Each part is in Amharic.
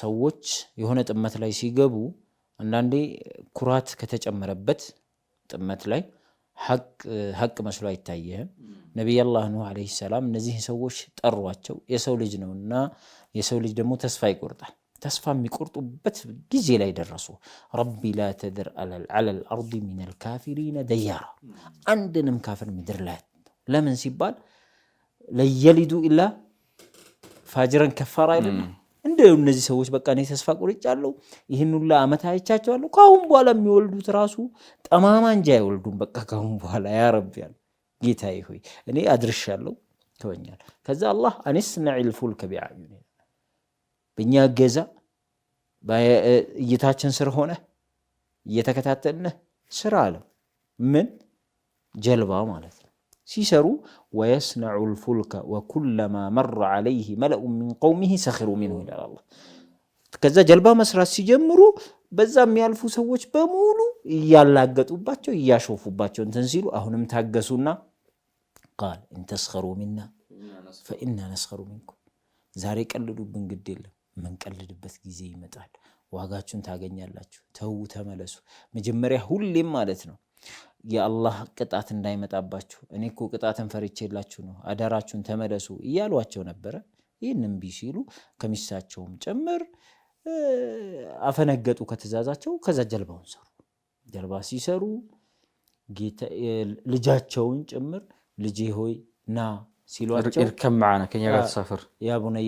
ሰዎች የሆነ ጥመት ላይ ሲገቡ አንዳንዴ ኩራት ከተጨመረበት ጥመት ላይ ሀቅ መስሎ አይታየህም። ነቢያላህ ኑህ ዓለይሂ ሰላም እነዚህን ሰዎች ጠሯቸው። የሰው ልጅ ነውና የሰው ልጅ ደግሞ ተስፋ ይቆርጣል። ተስፋ የሚቆርጡበት ጊዜ ላይ ደረሱ። ረቢ ላ ተድር አለል አርዲ ሚነል ካፊሪነ ደያራ፣ አንድንም ካፍር ምድር ላይ ለምን ሲባል ለየሊዱ ኢላ ፋጅረን ከፋራ አይደለም ጉዳዩ እነዚህ ሰዎች በቃ እኔ ተስፋ ቆርጫለሁ፣ ይህን ሁሉ ዓመት አይቻቸዋለሁ። ከአሁን በኋላ የሚወልዱት ራሱ ጠማማ እንጂ አይወልዱም። በቃ ከአሁን በኋላ ያረቢያል ጌታ ሆይ እኔ አድርሻለሁ ተወኛል። ከዛ አላህ አኔስነዒል ፉልከ ቢአዕዩኒና በእኛ ገዛ እይታችን ስር ሆነ እየተከታተልነህ ስራ አለው። ምን ጀልባ ማለት ሲሰሩ ወየስነዑ ልፉልከ ወኩለማ መረ ዓለይህ መለኡ ሚን ቀውሚህ ሰኪሩ ሚንሁ ይላል አላህ። ከዛ ጀልባ መስራት ሲጀምሩ በዛ የሚያልፉ ሰዎች በሙሉ እያላገጡባቸው እያሾፉባቸው እንትን ሲሉ አሁንም ታገሱና ቃል እንተስኸሩ ሚና ፈኢና ነስኸሩ ሚንኩም፣ ዛሬ ቀልዱብን ግድ የለም የምንቀልድበት ጊዜ ይመጣል፣ ዋጋችሁን ታገኛላችሁ፣ ተዉ ተመለሱ። መጀመሪያ ሁሌም ማለት ነው የአላህ ቅጣት እንዳይመጣባችሁ እኔ እኮ ቅጣትን ፈርቼላችሁ ነው፣ አደራችሁን ተመለሱ እያሏቸው ነበረ። ይህን እምቢ ሲሉ ከሚስታቸውም ጭምር አፈነገጡ ከትእዛዛቸው። ከዛ ጀልባውን ሰሩ። ጀልባ ሲሰሩ ልጃቸውን ጭምር ልጄ ሆይ ና ሲሏቸው እርከብ መዓና ከኛ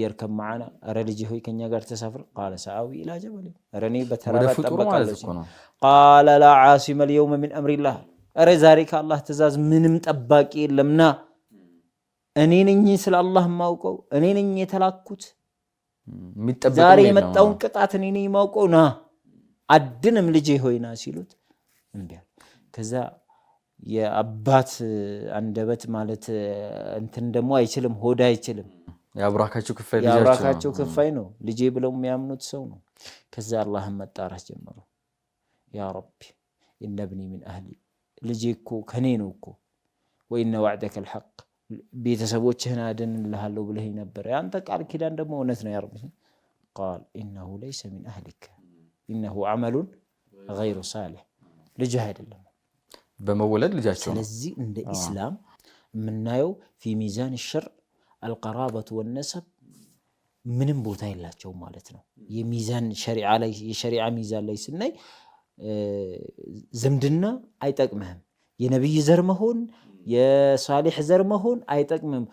እርከብ መዓና፣ ኧረ ልጄ ሆይ ከኛ ጋር ተሳፍር። ቃለ ሰአዊ ኢላ ጀበል፣ ኧረ እኔ በተራራ እጠበቃለሁ። ቃለ ላ ዓሲመ ልየውመ ምን አምሪላህ እረ ዛሬ ከአላህ ትእዛዝ ምንም ጠባቂ የለምና እኔ ነኝ ስለ አላህ የማውቀው እኔ ነኝ የተላኩት ዛሬ የመጣውን ቅጣት እኔ ነኝ የማውቀው ና አድንም ልጄ ሆይና ሲሉት እምቢ አለ። ከዛ የአባት አንደበት ማለት እንትን ደግሞ አይችልም፣ ሆድ አይችልም። የአብራካቸው ክፋይ ነው፣ ልጄ ብለው የሚያምኑት ሰው ነው። ከዛ አላህን መጣራት ጀመሩ። ያ ረቢ ኢነ ብኒ ሚን አህሊ ልጄ እኮ ከኔ ነው እኮ ወኢነ ዋዕደከ ልሐቅ ቤተሰቦችህን አድንልሃለሁ ብለኸኝ ነበር። የአንተ ቃል ኪዳን ደግሞ እውነት ነው። ያርብ ቃል ኢነሁ ለይሰ ሚን አህሊከ ኢነሁ አመሉን ገይሩ ሳሌሕ ልጅህ አይደለም በመወለድ ልጃቸው። ስለዚህ እንደ ኢስላም የምናየው ፊ ሚዛን ሸር አልቀራበቱ ወነሰብ ምንም ቦታ የላቸውም ማለት ነው። የሚዛን የሸሪዓ ሚዛን ላይ ስናይ ዝምድና አይጠቅምህም። የነቢይ ዘር መሆን የሳሌሕ ዘር መሆን አይጠቅምም።